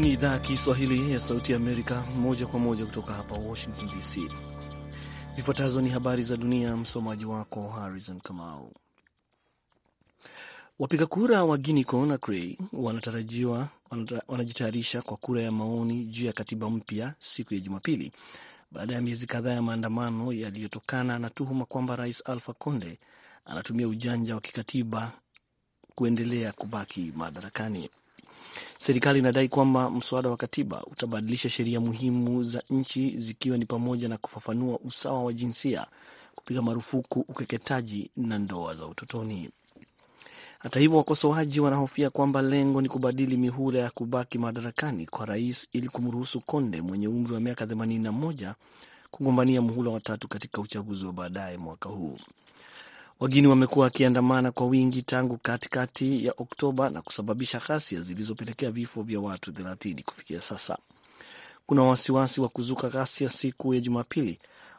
Hii ni idhaa ya Kiswahili ya Sauti Amerika, moja kwa moja kutoka hapa Washington DC. Zifuatazo ni habari za dunia, msomaji wako Harrison Kamau. Wapiga kura wa Guinea Conakry wanatarajiwa wanajitayarisha kwa kura ya maoni juu ya katiba mpya siku ya Jumapili, baada ya miezi kadhaa ya maandamano yaliyotokana na tuhuma kwamba Rais alfa Conde anatumia ujanja wa kikatiba kuendelea kubaki madarakani. Serikali inadai kwamba mswada wa katiba utabadilisha sheria muhimu za nchi zikiwa ni pamoja na kufafanua usawa wa jinsia, kupiga marufuku ukeketaji na ndoa za utotoni. Hata hivyo, wakosoaji wanahofia kwamba lengo ni kubadili mihula ya kubaki madarakani kwa rais ili kumruhusu Konde mwenye umri wa miaka 81 kugombania muhula watatu katika uchaguzi wa baadaye mwaka huu. Wageni wamekuwa wakiandamana kwa wingi tangu katikati ya Oktoba na kusababisha ghasia zilizopelekea vifo vya watu 30 kufikia sasa. Kuna wasiwasi wa kuzuka ghasia siku ya Jumapili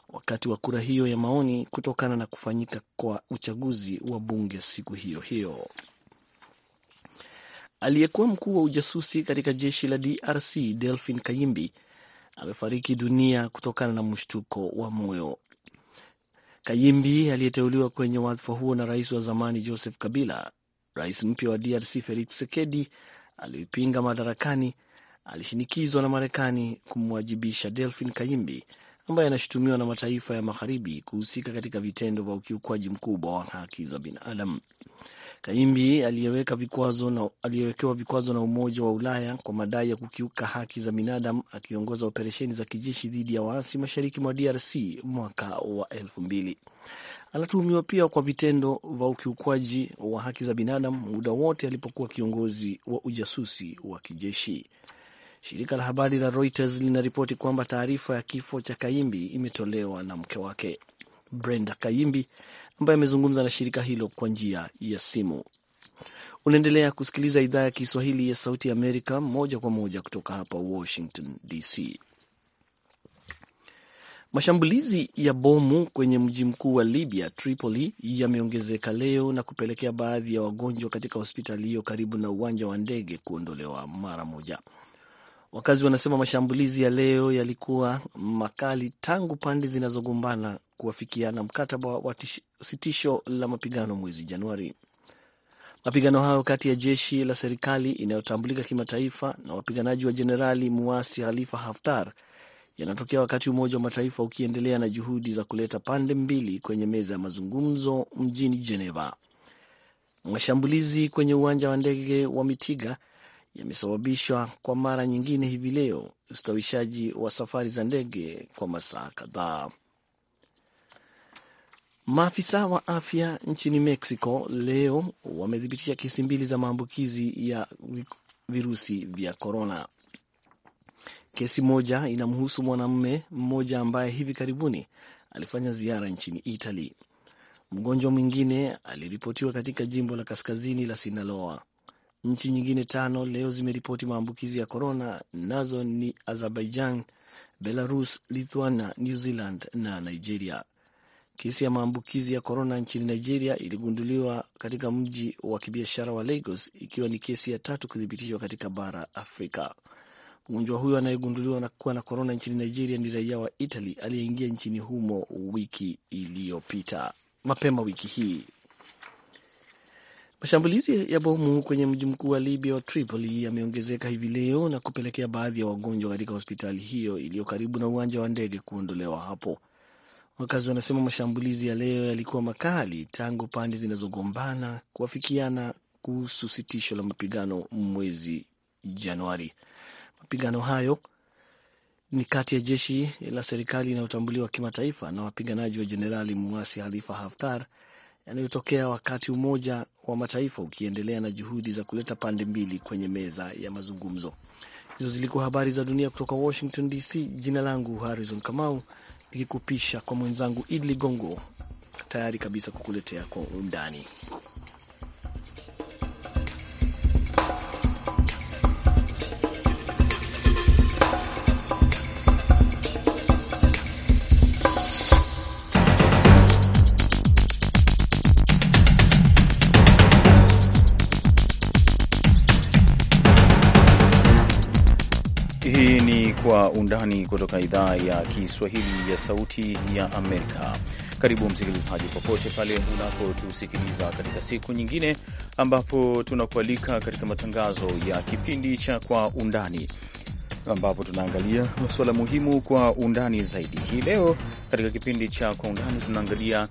wakati wa kura hiyo ya maoni kutokana na kufanyika kwa uchaguzi wa bunge siku hiyo hiyo. Aliyekuwa mkuu wa ujasusi katika jeshi la DRC Delphin Kayimbi amefariki dunia kutokana na mshtuko wa moyo Kayimbi aliyeteuliwa kwenye wadhifa huo na rais wa zamani Joseph Kabila. Rais mpya wa DRC Felix Tshisekedi aliyoipinga madarakani alishinikizwa na Marekani kumwajibisha Delphin Kayimbi ambaye anashutumiwa na mataifa ya magharibi kuhusika katika vitendo vya ukiukwaji mkubwa wa haki za binadamu. Kaimbi aliyewekewa vikwazo na Umoja wa Ulaya kwa madai ya kukiuka haki za binadamu akiongoza operesheni za kijeshi dhidi ya waasi mashariki mwa DRC mwaka wa elfu mbili. Anatuhumiwa pia kwa vitendo vya ukiukwaji wa haki za binadamu muda wote alipokuwa kiongozi wa ujasusi wa kijeshi. Shirika la habari la Reuters linaripoti kwamba taarifa ya kifo cha Kaimbi imetolewa na mke wake Brenda Kaimbi ambaye amezungumza na shirika hilo kwa njia ya simu. Unaendelea kusikiliza idhaa ya Kiswahili ya Sauti ya Amerika moja kwa moja kutoka hapa Washington DC. Mashambulizi ya bomu kwenye mji mkuu wa Libya, Tripoli, yameongezeka leo na kupelekea baadhi ya wagonjwa katika hospitali hiyo karibu na uwanja wa ndege kuondolewa mara moja. Wakazi wanasema mashambulizi ya leo yalikuwa makali tangu pande zinazogombana kuafikiana mkataba wa sitisho la mapigano mwezi Januari. Mapigano hayo kati ya jeshi la serikali inayotambulika kimataifa na wapiganaji wa jenerali muasi Khalifa Haftar yanatokea wakati Umoja wa Mataifa ukiendelea na juhudi za kuleta pande mbili kwenye meza ya mazungumzo mjini Geneva. Mashambulizi kwenye uwanja wa ndege wa Mitiga yamesababishwa kwa mara nyingine hivi leo ustawishaji wa safari za ndege kwa masaa kadhaa. Maafisa wa afya nchini Mexico leo wamethibitisha kesi mbili za maambukizi ya virusi vya korona. Kesi moja inamhusu mwanamume mmoja ambaye hivi karibuni alifanya ziara nchini Italy. Mgonjwa mwingine aliripotiwa katika jimbo la kaskazini la Sinaloa. Nchi nyingine tano leo zimeripoti maambukizi ya korona, nazo ni Azerbaijan, Belarus, Lithuania, New Zealand na Nigeria. Kesi ya maambukizi ya korona nchini Nigeria iligunduliwa katika mji wa kibiashara wa Lagos, ikiwa ni kesi ya tatu kuthibitishwa katika bara Afrika. Mgonjwa huyo anayegunduliwa na kuwa na korona nchini Nigeria ni raia wa Italy aliyeingia nchini humo wiki iliyopita, mapema wiki hii. Mashambulizi ya bomu kwenye mji mkuu wa Libya wa Tripoli yameongezeka hivi leo na kupelekea baadhi ya wagonjwa katika hospitali hiyo iliyo karibu na uwanja wa ndege kuondolewa hapo. Wakazi wanasema mashambulizi ya leo yalikuwa makali tangu pande zinazogombana kuafikiana kuhusu sitisho la mapigano mwezi Januari. Mapigano hayo ni kati ya jeshi la serikali inayotambuliwa kimataifa na wapiganaji wa jenerali muasi Halifa Haftar yanayotokea wakati Umoja wa Mataifa ukiendelea na juhudi za kuleta pande mbili kwenye meza ya mazungumzo. Hizo zilikuwa habari za dunia kutoka Washington DC. Jina langu Harrison Kamau, nikikupisha kwa mwenzangu Idli Gongo, tayari kabisa kukuletea kwa undani. undani kutoka idhaa ya Kiswahili ya Sauti ya Amerika. Karibu msikilizaji, popote pale unapotusikiliza katika siku nyingine ambapo tunakualika katika matangazo ya kipindi cha Kwa Undani, ambapo tunaangalia masuala muhimu kwa undani zaidi. Hii leo katika kipindi cha Kwa Undani tunaangalia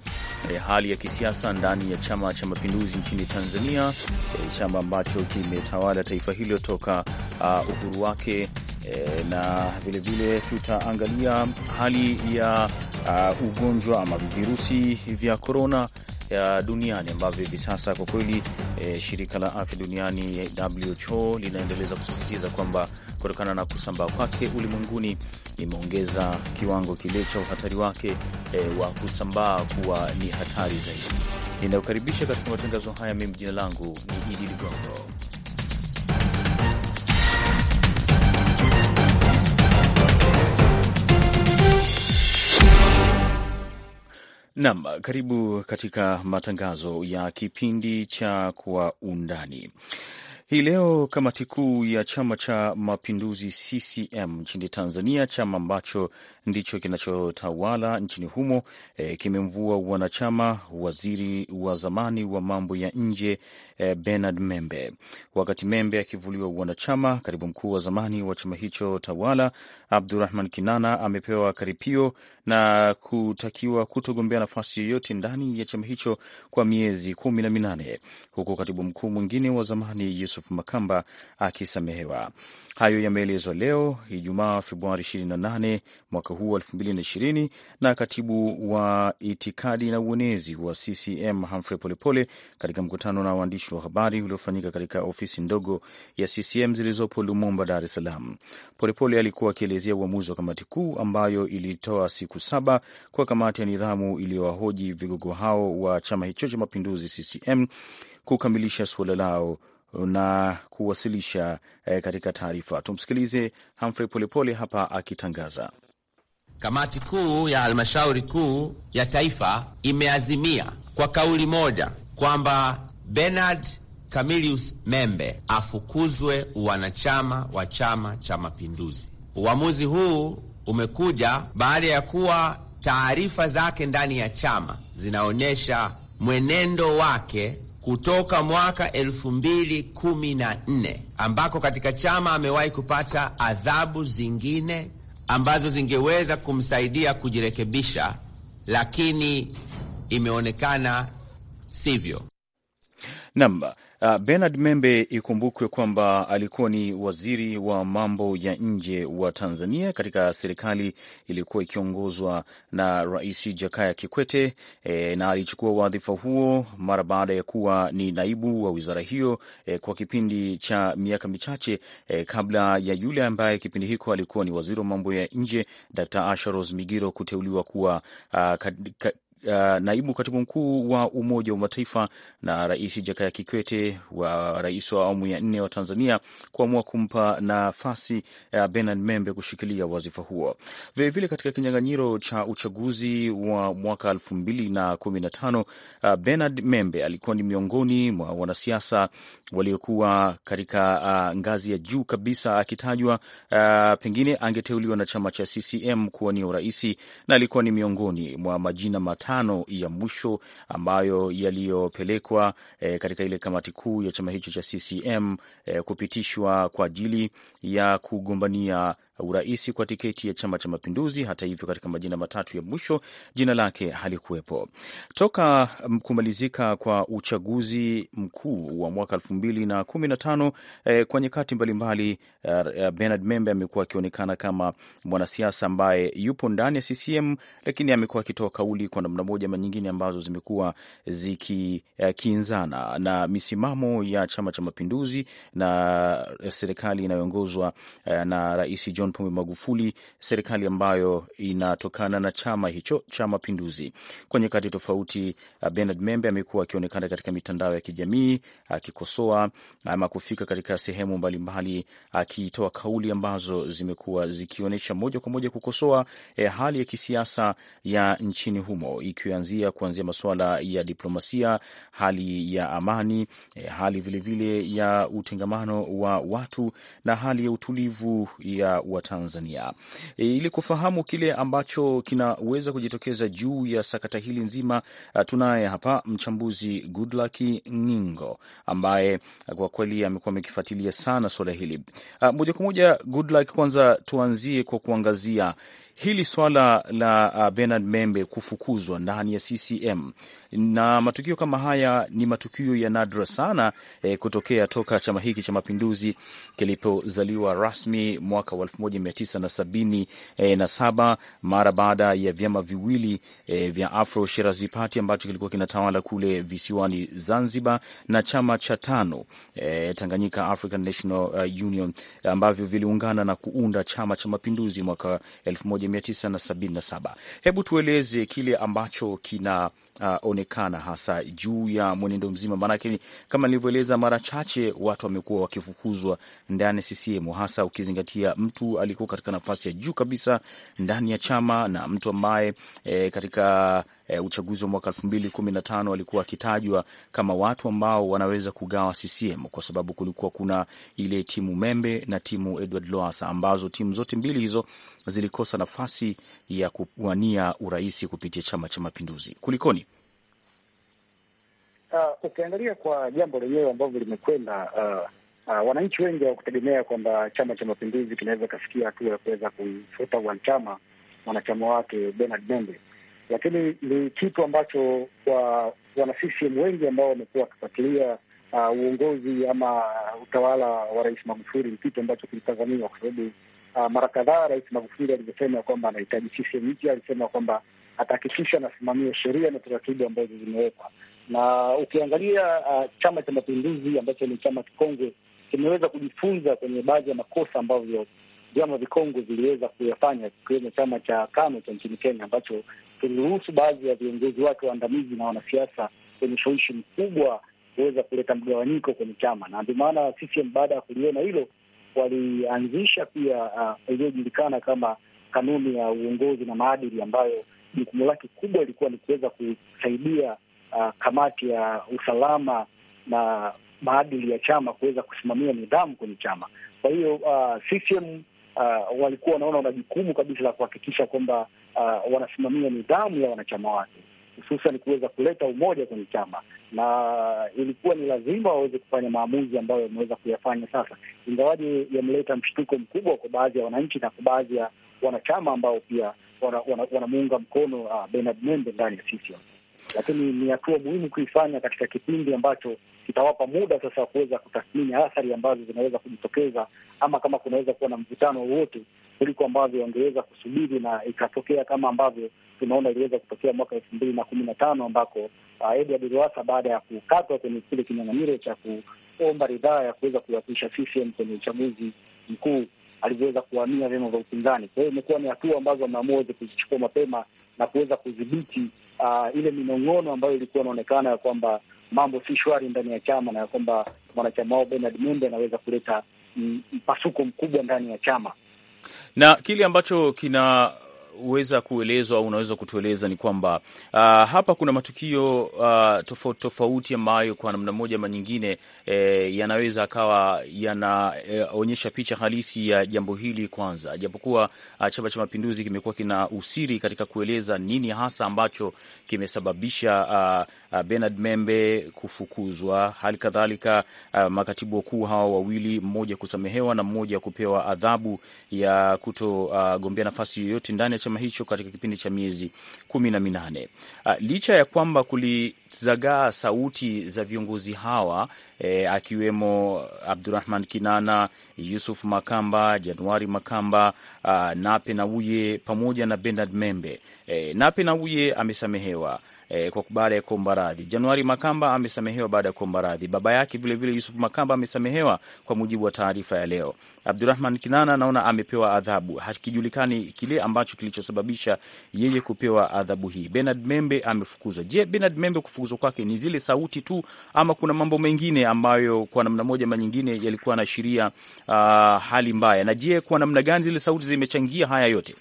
eh, hali ya kisiasa ndani ya Chama cha Mapinduzi nchini Tanzania, eh, chama ambacho kimetawala taifa hilo toka uh, uhuru wake e, na vilevile tutaangalia hali ya uh, ugonjwa ama virusi vya korona ya duniani ambavyo hivi sasa kwa kweli e, shirika la afya duniani WHO linaendeleza kusisitiza kwamba kutokana na kusambaa kwake ulimwenguni imeongeza kiwango kile cha uhatari wake e, wa kusambaa kuwa ni hatari zaidi. Ninayokaribisha katika matangazo haya, mimi jina langu ni Idi Ligongo Nam, karibu katika matangazo ya kipindi cha Kwa Undani hii leo. Kamati kuu ya Chama cha Mapinduzi CCM nchini Tanzania, chama ambacho ndicho kinachotawala nchini humo e, kimemvua wanachama waziri wa zamani wa mambo ya nje e, Bernard Membe. Wakati Membe akivuliwa wanachama, katibu mkuu wa zamani wa chama hicho tawala Abdurahman Kinana amepewa karipio na kutakiwa kutogombea nafasi yoyote ndani ya chama hicho kwa miezi kumi na minane huku katibu mkuu mwingine wa zamani Yusuf Makamba akisamehewa. Hayo yameelezwa leo Ijumaa, Februari 28 mwaka huu 2020 na katibu wa itikadi na uenezi wa CCM Humphrey Polepole katika mkutano na waandishi wa habari uliofanyika katika ofisi ndogo ya CCM zilizopo Lumumba, Dar es Salaam. Polepole alikuwa akielezea uamuzi wa kamati kuu ambayo ilitoa siku saba kwa kamati ya nidhamu iliyowahoji vigogo hao wa chama hicho cha mapinduzi CCM kukamilisha suala lao na kuwasilisha eh, katika taarifa. Tumsikilize Humphrey Polepole hapa akitangaza. Kamati kuu ya halmashauri kuu ya taifa imeazimia kwa kauli moja kwamba Bernard Camilius Membe afukuzwe uwanachama wa Chama cha Mapinduzi. Uamuzi huu umekuja baada ya kuwa taarifa zake ndani ya chama zinaonyesha mwenendo wake kutoka mwaka nne ambako katika chama amewahi kupata adhabu zingine ambazo zingeweza kumsaidia kujirekebisha, lakini imeonekana sivyo. Namba Uh, Bernard Membe ikumbukwe kwamba alikuwa ni waziri wa mambo ya nje wa Tanzania katika serikali iliyokuwa ikiongozwa na Rais Jakaya Kikwete e, na alichukua wadhifa huo mara baada ya kuwa ni naibu wa wizara hiyo e, kwa kipindi cha miaka michache e, kabla ya yule ambaye kipindi hiko alikuwa ni waziri wa mambo ya nje Dr. Asha Rose Migiro kuteuliwa kuwa uh, ka, ka, Uh, naibu katibu mkuu wa Umoja wa Mataifa na Rais Jakaya Kikwete wa rais wa awamu ya nne wa Tanzania kuamua kumpa nafasi uh, Bernard Membe kushikilia wadhifa huo. Vilevile katika kinyang'anyiro cha uchaguzi wa mwaka elfu mbili na kumi na tano uh, Bernard Membe alikuwa ni miongoni mwa wanasiasa waliokuwa katika uh, ngazi ya juu kabisa akitajwa, uh, pengine angeteuliwa na chama cha CCM kuwania uraisi na alikuwa ni miongoni mwa majina matatu matano ya mwisho ambayo yaliyopelekwa e, katika ile kamati kuu ya chama hicho cha CCM e, eh, kupitishwa kwa ajili ya kugombania urais kwa tiketi ya Chama cha Mapinduzi. Hata hivyo, katika majina matatu ya mwisho jina lake halikuwepo. Toka kumalizika kwa uchaguzi mkuu wa mwaka elfu mbili na kumi na tano eh, kwa nyakati mbalimbali eh, eh Bernard Membe amekuwa akionekana kama mwanasiasa ambaye yupo ndani ya CCM, lakini amekuwa akitoa kauli kwa namna moja ama nyingine ambazo zimekuwa zikikinzana eh, na misimamo ya Chama cha Mapinduzi na eh, serikali inayoongozwa eh, na Rais John John Pombe Magufuli, serikali ambayo inatokana na chama hicho cha Mapinduzi. Kwa nyakati tofauti, uh, Bernard Membe amekuwa akionekana katika mitandao ya kijamii akikosoa ama kufika katika sehemu mbalimbali akitoa kauli ambazo zimekuwa zikionyesha moja kwa moja kukosoa eh, hali ya kisiasa ya nchini humo ikianzia kuanzia masuala ya diplomasia, hali ya amani, eh, hali vilevile vile ya utengamano wa watu na hali ya utulivu ya wa Tanzania, e, ili kufahamu kile ambacho kinaweza kujitokeza juu ya sakata hili nzima. E, tunaye hapa mchambuzi Goodluck Ngingo ambaye kwa kweli amekuwa amekifuatilia sana swala hili e, moja kwa moja. Goodluck, kwanza tuanzie kwa kuangazia hili swala la Bernard Membe kufukuzwa ndani ya CCM na matukio kama haya ni matukio ya nadra sana e, kutokea toka chama hiki cha mapinduzi kilipozaliwa rasmi mwaka wa elfu moja mia tisa na sabini e, na saba mara baada ya vyama viwili e, vya Afro Shirazi Party ambacho kilikuwa kinatawala kule visiwani Zanzibar na chama cha tano e, Tanganyika African National Union ambavyo viliungana na kuunda chama cha mapinduzi mwaka elfu moja mia tisa na sabini na saba. Hebu tueleze kile ambacho kina uh, onekana hasa juu ya mwenendo mzima, maanake kama nilivyoeleza mara chache, watu wamekuwa wakifukuzwa ndani ya CCM, hasa ukizingatia mtu alikuwa katika nafasi ya juu kabisa ndani ya chama na mtu ambaye e, katika e, uchaguzi wa mwaka elfu mbili kumi na tano walikuwa wakitajwa kama watu ambao wanaweza kugawa CCM kwa sababu kulikuwa kuna ile timu Membe na timu Edward Loasa ambazo timu zote mbili hizo zilikosa nafasi ya kuwania urais kupitia Chama cha Mapinduzi. Kulikoni? Uh, ukiangalia kwa jambo lenyewe ambavyo limekwenda uh, uh, wananchi wengi hawakutegemea kwamba Chama cha Mapinduzi kinaweza ikafikia hatua ya kuweza kumfuta wanachama mwanachama wake Bernard Membe lakini ni kitu ambacho kwa wana CCM wengi ambao wamekuwa wakifuatilia uh, uongozi ama utawala wa Rais Magufuli ni kitu ambacho kilitazamiwa kwa sababu uh, mara kadhaa Rais Magufuli alivyosema ya kwamba anahitaji CCM mpya, alisema kwamba atahakikisha anasimamia sheria na taratibu ambazo zimewekwa, na ukiangalia uh, Chama cha Mapinduzi ambacho ni chama kikongwe kimeweza kujifunza kwenye baadhi ya makosa ambavyo vyama vikongwe viliweza kuyafanya, kikiwemo chama cha KANU cha nchini Kenya ambacho kuruhusu baadhi ya viongozi wake waandamizi na wanasiasa wenye ushawishi mkubwa kuweza kuleta mgawanyiko kwenye chama, na ndio maana CCM baada ya kuliona hilo walianzisha pia uh, iliyojulikana kama kanuni ya uongozi na maadili, ambayo jukumu lake kubwa ilikuwa ni kuweza kusaidia uh, kamati ya usalama na maadili ya chama kuweza kusimamia nidhamu kwenye chama. Kwa hiyo uh, CCM uh, walikuwa wanaona wana jukumu kabisa la kuhakikisha kwamba uh, wanasimamia nidhamu ya wanachama wake, hususan kuweza kuleta umoja kwenye chama, na ilikuwa ni lazima waweze kufanya maamuzi ambayo wameweza kuyafanya sasa, ingawaji yameleta mshtuko mkubwa kwa baadhi ya wananchi na kwa baadhi ya wanachama ambao pia wanamuunga wana, wana mkono uh, Bernard Membe ndani ya CCM lakini ni hatua muhimu kuifanya katika kipindi ambacho kitawapa muda sasa wa kuweza kutathmini athari ambazo zinaweza kujitokeza ama kama kunaweza kuwa na mvutano wowote kuliko ambavyo wangeweza kusubiri na ikatokea kama ambavyo tunaona iliweza kutokea mwaka elfu mbili na kumi na tano ambako uh, Edward Lowassa baada ya kukatwa kwenye kile kinyang'anyiro cha kuomba ridhaa ya kuweza kuwakilisha CCM kwenye uchaguzi mkuu alivyoweza kuhamia vyama vya upinzani. Kwa hiyo imekuwa ni hatua ambazo wameamua weze kuzichukua mapema na kuweza kudhibiti uh, ile minong'ono ambayo ilikuwa inaonekana ya kwamba mambo si shwari ndani ya chama na ya kwamba mwanachama wao Bernard Membe anaweza kuleta mm, mpasuko mkubwa ndani ya chama na kile ambacho kina unaweza kuelezwa au unaweza kutueleza ni kwamba uh, hapa kuna matukio uh, tofauti tofauti ambayo kwa namna moja ama nyingine eh, yanaweza akawa yanaonyesha eh, picha halisi ya jambo hili. Kwanza, japokuwa uh, Chama cha Mapinduzi kimekuwa kina usiri katika kueleza nini hasa ambacho kimesababisha uh, uh, Bernard Membe kufukuzwa, hali kadhalika uh, makatibu wakuu hawa wawili, mmoja kusamehewa na mmoja kupewa adhabu ya kutogombea uh, nafasi yoyote ndani ya chama hicho katika kipindi cha miezi kumi na minane. Uh, licha ya kwamba kulizagaa sauti za viongozi hawa e, akiwemo Abdurahman Kinana, Yusuf Makamba, Januari Makamba, uh, Nape Nauye pamoja na Bernard Membe. E, Nape Nauye amesamehewa eh, kwa baada ya kuomba radhi. Januari Makamba amesamehewa baada ya kuomba radhi. Baba yake vilevile Yusuf Makamba amesamehewa kwa mujibu wa taarifa ya leo. Abdurahman Kinana naona amepewa adhabu, hakijulikani kile ambacho kilichosababisha yeye kupewa adhabu hii. Bernard Membe amefukuzwa. Je, Bernard Membe kufukuzwa kwake ni zile sauti tu ama kuna mambo mengine ambayo kwa namna moja ama nyingine yalikuwa anaashiria uh, ah, hali mbaya? Na je, kwa namna gani zile sauti zimechangia haya yote?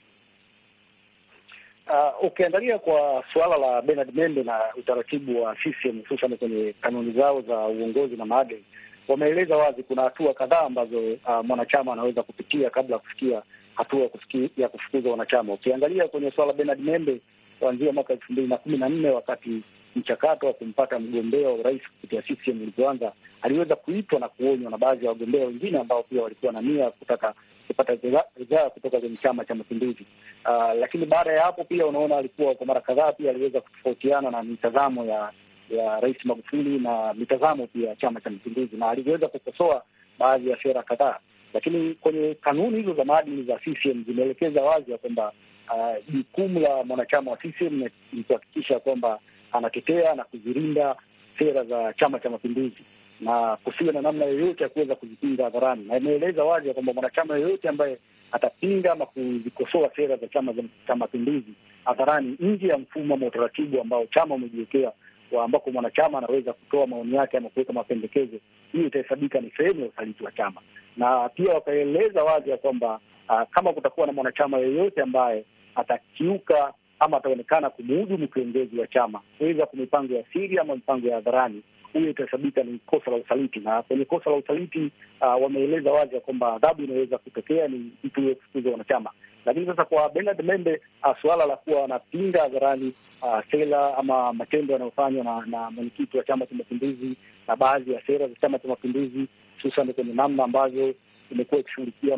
Uh, ukiangalia kwa suala la Bernard Membe na utaratibu wa CCM hususan kwenye kanuni zao za uongozi na maadili, wameeleza wazi kuna hatua kadhaa ambazo uh, mwanachama anaweza kupitia kabla ya kufikia hatua ya kufukuza wanachama. Ukiangalia kwenye suala Bernard Membe kuanzia mwaka elfu mbili na kumi na nne wakati mchakato wa kumpata mgombea wa urais kupitia CCM ulivyoanza, aliweza kuitwa na kuonywa na baadhi ya wagombea wengine ambao pia walikuwa na nia ya kutaka kupata ridhaa kutoka kwenye Chama cha Mapinduzi. Uh, lakini baada ya hapo pia unaona alikuwa kwa mara kadhaa pia aliweza kutofautiana na mitazamo ya ya Rais Magufuli na mitazamo pia ya Chama cha Mapinduzi, na aliweza kukosoa baadhi ya sera kadhaa, lakini kwenye kanuni hizo za maadili za CCM zimeelekeza wazi ya kwamba ah, jukumu uh, la mwanachama wa CCM ni kuhakikisha kwamba anatetea na kuzilinda sera za Chama cha Mapinduzi na kusiwe na namna yoyote ya kuweza kuzipinga hadharani, na imeeleza wazi ya kwamba mwanachama yoyote ambaye atapinga ama kuzikosoa sera za Chama cha Mapinduzi hadharani nje ya mfumo ama utaratibu ambao chama umejiwekea ambako mwanachama anaweza kutoa maoni yake ama kuweka mapendekezo, hiyo itahesabika ni sehemu ya usaliti wa chama. Na pia wakaeleza wazi ya kwamba ah, kama kutakuwa na mwanachama yeyote ambaye atakiuka ama ataonekana kumuhujumu kiongozi wa chama, kuweza kwa mipango ya siri ama mipango ya hadharani, huyo itasabita ni kosa la usaliti. Na kwenye kosa la usaliti uh, wameeleza wazi ya kwamba adhabu inaweza kutokea ni mtu huyo wanachama. Lakini sasa kwa Bernard Membe uh, suala la kuwa anapinga hadharani uh, sera ama matendo yanayofanywa na, na mwenyekiti wa Chama cha Mapinduzi na baadhi ya sera za Chama cha Mapinduzi hususan kwenye namna ambazo imekuwa ikishughulikia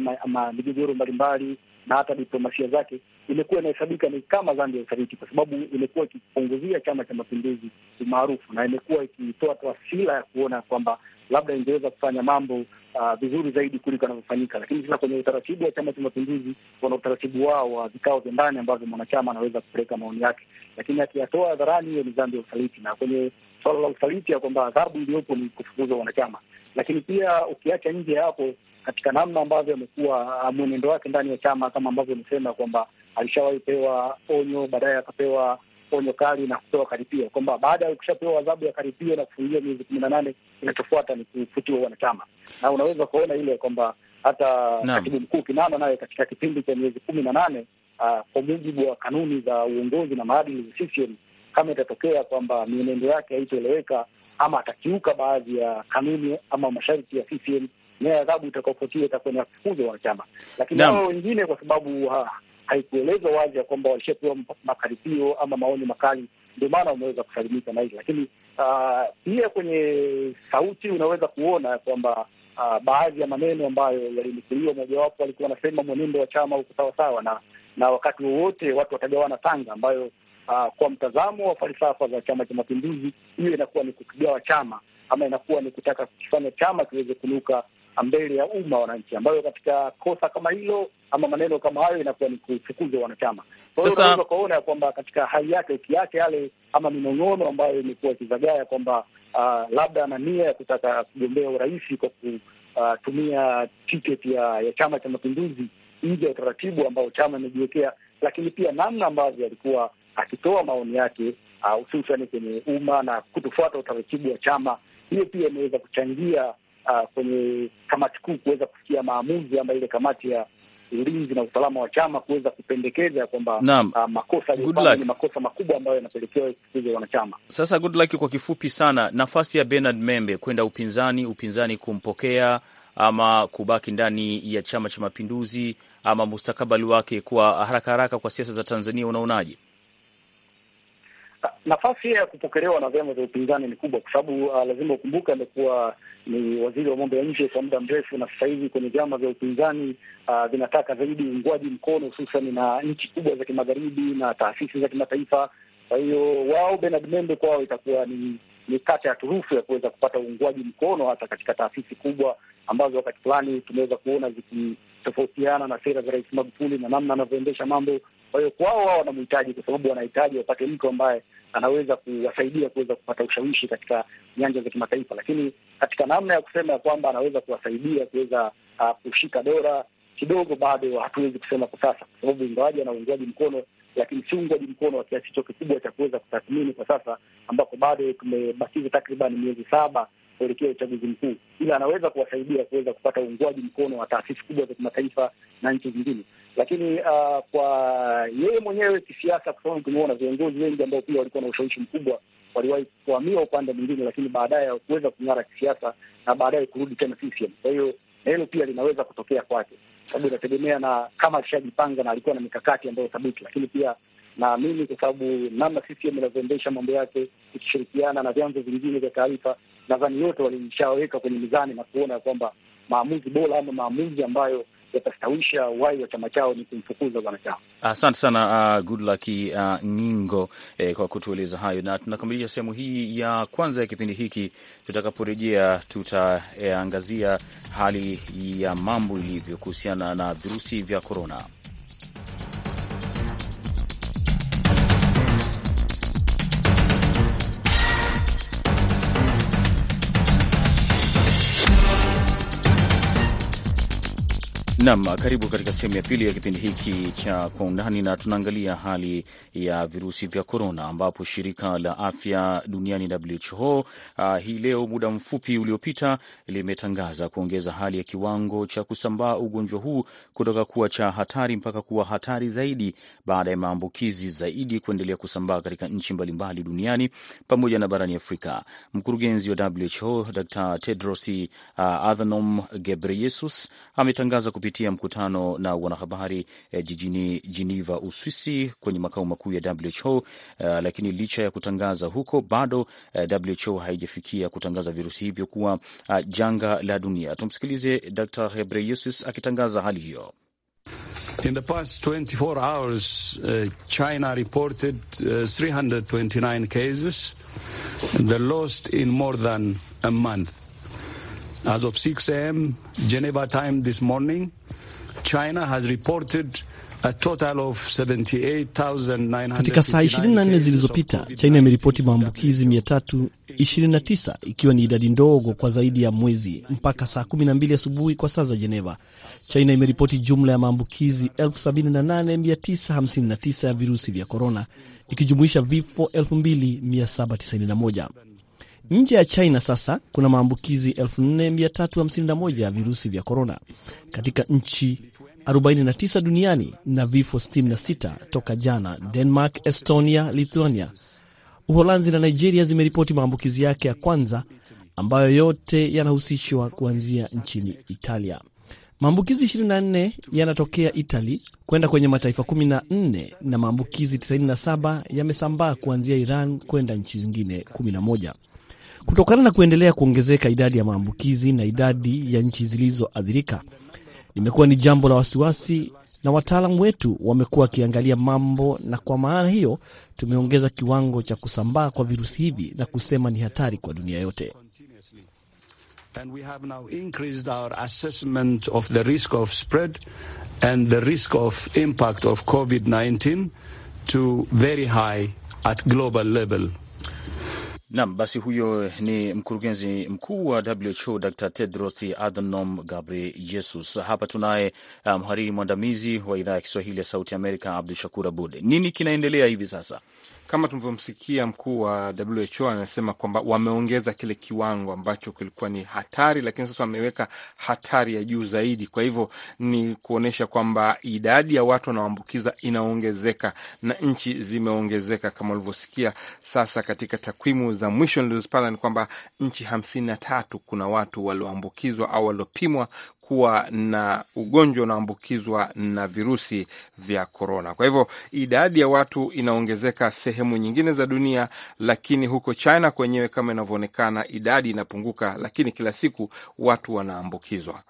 migogoro mbalimbali na hata diplomasia zake imekuwa inahesabika ni kama dhambi ya usaliti, kwa sababu imekuwa ikipunguzia Chama cha Mapinduzi umaarufu na imekuwa ikitoa taswira ya kuona kwamba labda ingeweza kufanya mambo uh, vizuri zaidi kuliko anavyofanyika. Lakini sasa kwenye utaratibu wa Chama cha Mapinduzi wana utaratibu wao wa vikao vya ndani ambavyo mwanachama anaweza kupeleka maoni yake, lakini akiyatoa hadharani, hiyo ni zambi ya usaliti. Na kwenye swala la usaliti ya kwamba adhabu iliyopo ni kufukuzwa wanachama, lakini pia ukiacha nje hapo, katika namna ambavyo amekuwa ah, mwenendo wake ndani ya chama, kama ambavyo amesema kwamba alishawahi pewa onyo, baadaye akapewa onyo kali na kupewa karipio, kwamba baada ya kushapewa adhabu ya karipio na kufungia miezi kumi na nane inachofuata ni kufutiwa wanachama, na unaweza kuona ile kwamba hata katibu mkuu Kinana naye katika kipindi cha miezi kumi na nane ah, kwa mujibu wa kanuni za uongozi na maadili za CCM kama itatokea kwamba mienendo yake haitoeleweka ama atakiuka baadhi ya kanuni ama masharti ya CCM, naye adhabu itakaofuatia itakuwa ni kufukuzwa wanachama. Lakini hao wengine kwa sababu ha, ah, haikuelezwa wazi ya kwamba walishapewa makaripio ama maoni makali, ndio maana wameweza kusalimika na hili. Lakini ah, pia uh, kwenye sauti unaweza kuona kwamba uh, baadhi ya maneno ambayo yalinukuliwa, mojawapo walikuwa wanasema mwenendo wa chama uko sawasawa na na wakati wowote watu watagawana Tanga, ambayo uh, kwa mtazamo wa falsafa za Chama cha Mapinduzi, hiyo inakuwa ni kukigawa chama ama inakuwa ni kutaka kukifanya chama kiweze kunuka mbele ya umma wananchi, ambayo katika kosa kama hilo ama maneno kama hayo inakuwa ni kufukuza wanachama. Kwa hiyo unaweza ukaona kwamba katika hali yake ukiake yale ama minong'ono ambayo imekuwa ikizagaa kwamba uh, labda ana nia ya kutaka kugombea urais kwa kutumia ah, uh, tiketi ya, ya Chama cha Mapinduzi nje ya utaratibu ambao chama imejiwekea, lakini pia namna ambavyo alikuwa akitoa maoni yake hususani uh, kwenye umma na kutofuata utaratibu wa chama. Hiyo pia imeweza kuchangia uh, kwenye kamati kuu kuweza kufikia maamuzi ama ile kamati ya ulinzi na usalama wa chama kuweza kupendekeza kwamba uh, makosa ni makosa makubwa ambayo yanapelekewa kufukuza wanachama. Sasa good luck, kwa kifupi sana, nafasi ya Bernard Membe kwenda upinzani, upinzani kumpokea ama kubaki ndani ya Chama cha Mapinduzi ama mustakabali wake, kwa haraka haraka, kwa siasa za Tanzania unaonaje? nafasi ya kupokelewa na vyama vya upinzani ni kubwa, kwa sababu uh, lazima ukumbuke amekuwa ni waziri wa mambo ya nje kwa muda mrefu, na sasa hivi kwenye vyama vya upinzani uh, vinataka zaidi uungwaji mkono hususan na nchi kubwa za kimagharibi na taasisi za kimataifa. Kwa hiyo wao, Bernard Membe kwao itakuwa ni ni ya turufu ya kuweza kupata uungwaji mkono hasa katika taasisi kubwa ambazo wakati fulani tumeweza kuona zikitofautiana na sera za Rais Magufuli na namna anavyoendesha mambo. Kwa hiyo kwao wao wanamhitaji kwa sababu wanahitaji wapate mtu ambaye anaweza kuwasaidia kuweza kupata ushawishi katika nyanja za kimataifa, lakini katika namna ya kusema ya kwamba anaweza kuwasaidia kuweza uh, kushika dora kidogo, bado hatuwezi kusema kwa sasa, kwa sababu ingawaji ana uungwaji mkono, lakini si uungwaji mkono wa kiasi hicho kikubwa cha kuweza kutathmini kwa sasa, ambapo bado tumebakiza takriban miezi saba kuelekea uchaguzi mkuu, ila anaweza kuwasaidia kuweza kupata uungwaji mkono wa taasisi kubwa za kimataifa na nchi zingine. Lakini uh, kwa yeye mwenyewe kisiasa, kwa sababu tumeona viongozi wengi ambao pia walikuwa na ushawishi mkubwa waliwahi kuhamia upande mwingine, lakini baadaye kuweza kung'ara kisiasa na baadaye kurudi tena CCM. Kwa hiyo na hilo pia linaweza kutokea kwake, sababu inategemea na kama alishajipanga na alikuwa na mikakati ambayo thabiti, lakini pia Naamini kwa sababu namna CCM inavyoendesha mambo yake ikishirikiana na vyanzo vingine vya taarifa, nadhani yote walishaweka kwenye mizani na kuona ya kwamba maamuzi bora ama maamuzi ambayo yatastawisha uhai wa chama chao ni kumfukuza wanachama. Asante sana uh, good luck uh, Nyingo eh, kwa kutueleza hayo, na tunakamilisha sehemu hii ya kwanza ya kipindi hiki. Tutakaporejea tutaangazia eh, hali ya mambo ilivyo kuhusiana na virusi vya korona. Nam, karibu katika sehemu ya pili ya kipindi hiki cha Kwa Undani, na tunaangalia hali ya virusi vya korona, ambapo shirika la afya duniani WHO uh, ah, hii leo muda mfupi uliopita limetangaza kuongeza hali ya kiwango cha kusambaa ugonjwa huu kutoka kuwa cha hatari mpaka kuwa hatari zaidi, baada ya maambukizi zaidi kuendelea kusambaa katika nchi mbalimbali duniani pamoja na barani Afrika. Mkurugenzi wa WHO Dr Tedros uh, Adhanom Ghebreyesus ametangaza kupitia mkutano na wanahabari eh, jijini Geneva, Uswisi, kwenye makao makuu ya WHO. Eh, lakini licha ya kutangaza huko bado eh, WHO haijafikia kutangaza virusi hivyo kuwa eh, janga la dunia. Tumsikilize Dr Hebreyesus akitangaza hali hiyo. In the past 24 hours, uh, China reported uh, eh, 329 cases, the lowest in more than a month. As of 6 a.m. Geneva time this morning, China has reported A total of 78,900. katika saa 24 zilizopita China imeripoti maambukizi 329 ikiwa ni idadi ndogo kwa zaidi ya mwezi. Mpaka saa 12 asubuhi kwa saa za geneva China imeripoti jumla ya maambukizi 78959 ya virusi vya korona ikijumuisha vifo 2791. Nje ya China sasa kuna maambukizi 4351 ya virusi vya korona katika nchi 49 duniani na vifo 66 toka jana. Denmark, Estonia, Lithuania, Uholanzi na Nigeria zimeripoti maambukizi yake ya kwanza ambayo yote yanahusishwa kuanzia nchini Italia. Maambukizi 24 yanatokea Itali kwenda kwenye mataifa 14 na maambukizi 97 yamesambaa kuanzia Iran kwenda nchi zingine 11. Kutokana na kuendelea kuongezeka idadi ya maambukizi na idadi ya nchi zilizoathirika, imekuwa ni jambo la wasiwasi, na wataalamu wetu wamekuwa wakiangalia mambo, na kwa maana hiyo tumeongeza kiwango cha kusambaa kwa virusi hivi na kusema ni hatari kwa dunia yote. Nam basi, huyo ni mkurugenzi mkuu wa WHO Dr Tedros Adhanom Ghebreyesus. Hapa tunaye uh, mhariri um, mwandamizi wa idhaa ya Kiswahili ya Sauti Amerika, Abdu Shakur Abud. Nini kinaendelea hivi sasa? kama tulivyomsikia mkuu wa WHO anasema kwamba wameongeza kile kiwango ambacho kilikuwa ni hatari, lakini sasa wameweka hatari ya juu zaidi. Kwa hivyo ni kuonyesha kwamba idadi ya watu wanaoambukiza inaongezeka na nchi zimeongezeka. Kama ulivyosikia sasa, katika takwimu za mwisho nilizopata ni kwamba nchi hamsini na tatu kuna watu walioambukizwa au waliopimwa kuwa na ugonjwa unaoambukizwa na virusi vya korona. Kwa hivyo idadi ya watu inaongezeka sehemu nyingine za dunia, lakini huko China kwenyewe kama inavyoonekana idadi inapunguka, lakini kila siku watu wanaambukizwa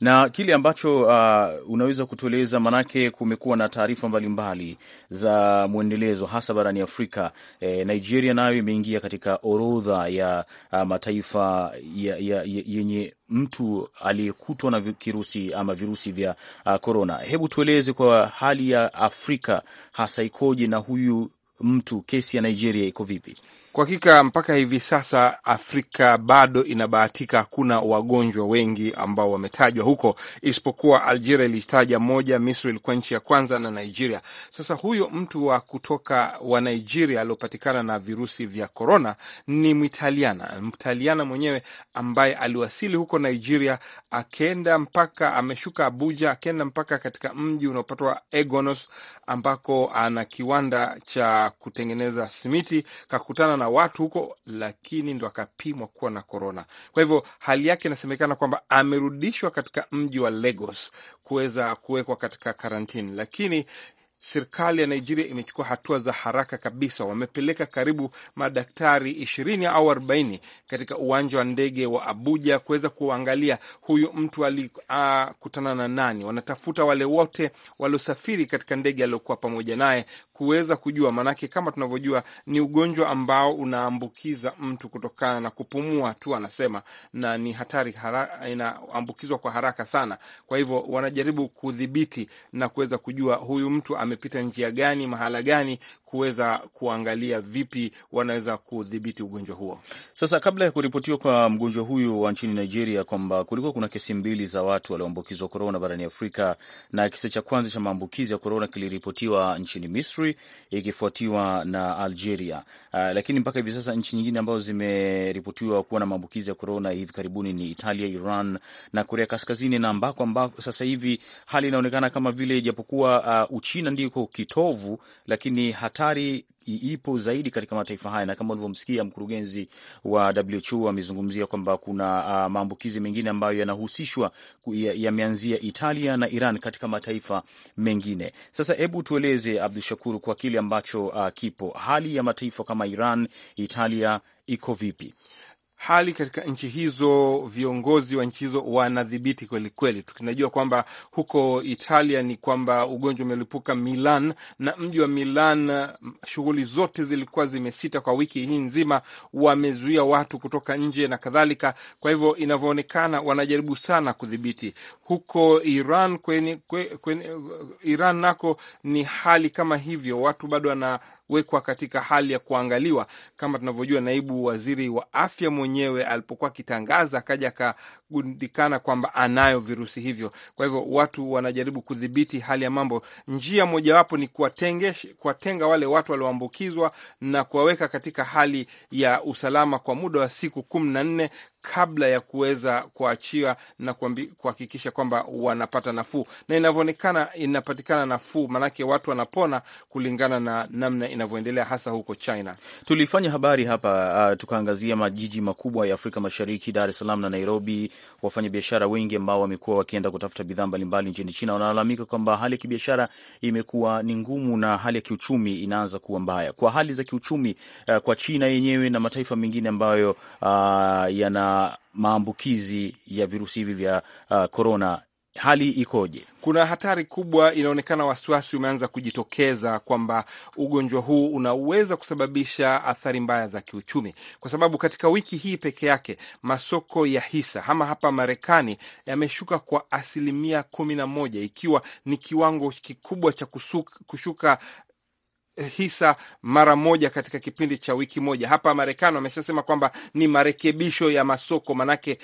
na kile ambacho uh, unaweza kutueleza, maanake kumekuwa na taarifa mbalimbali za mwendelezo hasa barani Afrika. E, Nigeria nayo imeingia katika orodha ya uh, mataifa yenye mtu aliyekutwa na kirusi ama virusi vya korona. Uh, hebu tueleze kwa hali ya Afrika hasa ikoje, na huyu mtu kesi ya Nigeria iko vipi? Kwa hakika mpaka hivi sasa Afrika bado inabahatika, hakuna wagonjwa wengi ambao wametajwa huko, isipokuwa Algeria ilitaja moja, Misri ilikuwa nchi ya kwanza na Nigeria. Sasa huyo mtu wa kutoka wa Nigeria aliopatikana na virusi vya korona ni Mwitaliana, Mtaliana mwenyewe ambaye aliwasili huko Nigeria, akenda mpaka ameshuka Abuja, akenda mpaka katika mji unaopatwa Egonos ambako ana kiwanda cha kutengeneza simiti, kakutana na na watu huko, lakini ndo akapimwa kuwa na korona. Kwa hivyo hali yake inasemekana kwamba amerudishwa katika mji wa Lagos kuweza kuwekwa katika karantini, lakini serikali ya Nigeria imechukua hatua za haraka kabisa. Wamepeleka karibu madaktari ishirini au arobaini katika uwanja wa ndege wa Abuja kuweza kuangalia huyu mtu alikutana na nani. Wanatafuta wale wote waliosafiri katika ndege aliokuwa pamoja naye kuweza kujua, maanake kama tunavyojua ni ugonjwa ambao unaambukiza mtu kutokana na kupumua tu, anasema na ni hatari inaambukizwa kwa haraka sana. Kwa hivyo wanajaribu kudhibiti na kuweza kujua huyu mtu ame amepita njia gani, mahala gani kuweza kuangalia vipi wanaweza kudhibiti ugonjwa huo. Sasa, kabla ya kuripotiwa kwa mgonjwa huyu wa nchini Nigeria kwamba kulikuwa kuna kesi mbili za watu walioambukizwa korona barani Afrika, na kisa cha kwanza cha maambukizi ya korona kiliripotiwa nchini Misri ikifuatiwa na Algeria. Uh, lakini mpaka hivi sasa nchi nyingine ambazo zimeripotiwa kuwa na maambukizi ya korona hivi karibuni ni Italia, Iran na Korea Kaskazini, na ambako ambako sasa hivi hali inaonekana kama vile, ijapokuwa uh, Uchina ndiko kitovu, lakini hata hatari ipo zaidi katika mataifa haya, na kama ulivyomsikia mkurugenzi wa WHO amezungumzia kwamba kuna uh, maambukizi mengine ambayo yanahusishwa yameanzia ya Italia na Iran katika mataifa mengine. Sasa hebu tueleze Abdu Shakuru, kwa kile ambacho uh, kipo, hali ya mataifa kama Iran, Italia iko vipi? hali katika nchi hizo, viongozi wa nchi hizo wanadhibiti kwelikweli. Tunajua kwamba huko Italia ni kwamba ugonjwa umelipuka Milan na mji wa Milan, shughuli zote zilikuwa zimesita kwa wiki hii nzima, wamezuia watu kutoka nje na kadhalika. Kwa hivyo inavyoonekana, wanajaribu sana kudhibiti. Huko Iran, Kwenye, kwenye, Iran nako ni hali kama hivyo, watu bado wana wekwa katika hali ya kuangaliwa. Kama tunavyojua, naibu waziri wa afya mwenyewe alipokuwa akitangaza akaja akagundikana kwamba anayo virusi hivyo. Kwa hivyo watu wanajaribu kudhibiti hali ya mambo. Njia mojawapo ni kuwatenga wale watu walioambukizwa na kuwaweka katika hali ya usalama kwa muda wa siku kumi na nne kabla ya kuweza kuachia na kuhakikisha kwamba wanapata nafuu, na inavyoonekana inapatikana nafuu, maanake watu wanapona kulingana na namna inavyoendelea, hasa huko China. Tulifanya habari hapa uh, tukaangazia majiji makubwa ya Afrika Mashariki, Dar es Salaam na Nairobi. Wafanyabiashara wengi ambao wamekuwa wakienda kutafuta bidhaa mbalimbali nchini China wanalalamika kwamba hali ya kibiashara imekuwa ni ngumu na hali ya kiuchumi inaanza kuwa mbaya. Kwa hali za kiuchumi uh, kwa China yenyewe na mataifa mengine ambayo uh, yana maambukizi ya virusi hivi vya korona, uh, hali ikoje? Kuna hatari kubwa inaonekana, wasiwasi umeanza kujitokeza kwamba ugonjwa huu unaweza kusababisha athari mbaya za kiuchumi, kwa sababu katika wiki hii peke yake masoko ya hisa ama hapa Marekani yameshuka kwa asilimia kumi na moja, ikiwa ni kiwango kikubwa cha kusuka, kushuka Eh, hisa mara moja katika kipindi cha wiki moja. Hapa Marekani wameshasema kwamba ni marekebisho ya masoko, manake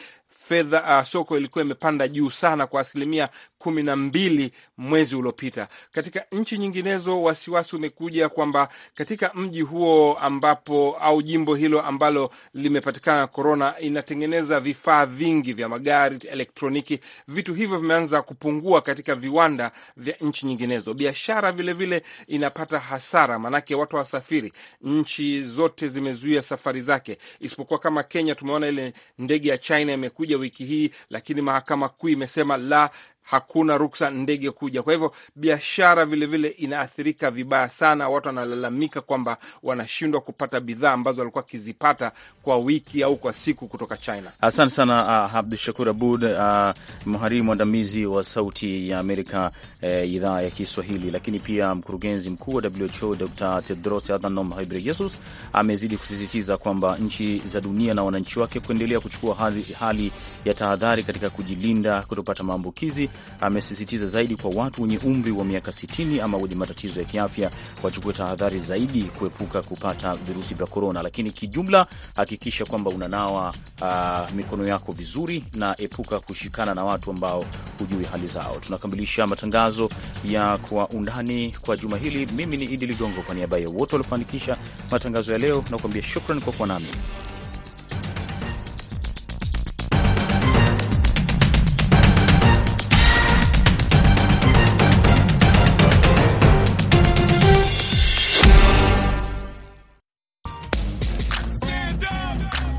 fedha uh, soko ilikuwa imepanda juu sana kwa asilimia kumi na mbili mwezi uliopita. Katika nchi nyinginezo, wasiwasi umekuja kwamba katika mji huo ambapo au jimbo hilo ambalo limepatikana korona, inatengeneza vifaa vingi vya magari, elektroniki, vitu hivyo vimeanza kupungua katika viwanda vya nchi nyinginezo. Biashara vilevile inapata hasara, maanake watu wasafiri. Nchi zote zimezuia safari zake, isipokuwa kama Kenya. Tumeona ile ndege ya China imekuja wiki hii, lakini mahakama kuu imesema la hakuna ruksa ndege kuja. Kwa hivyo biashara vilevile inaathirika vibaya sana. Watu wanalalamika kwamba wanashindwa kupata bidhaa ambazo walikuwa wakizipata kwa wiki au kwa siku kutoka China. Asante sana uh, Abdu Shakur Abud, uh, mhariri mwandamizi wa Sauti ya Amerika uh, idhaa ya Kiswahili, lakini pia mkurugenzi mkuu wa WHO Dr Tedros Adhanom Ghebreyesus amezidi kusisitiza kwamba nchi za dunia na wananchi wake kuendelea kuchukua hali, hali ya tahadhari katika kujilinda kutopata maambukizi amesisitiza zaidi kwa watu wenye umri wa miaka 60 ama wenye matatizo ya kiafya wachukue tahadhari zaidi kuepuka kupata virusi vya korona. Lakini kijumla, hakikisha kwamba unanawa uh, mikono yako vizuri na epuka kushikana na watu ambao hujui hali zao. Tunakamilisha matangazo ya Kwa Undani kwa juma hili. Mimi ni Idi Ligongo, kwa niaba ya wote waliofanikisha matangazo ya leo, nakuambia shukran kwa kuwa nami.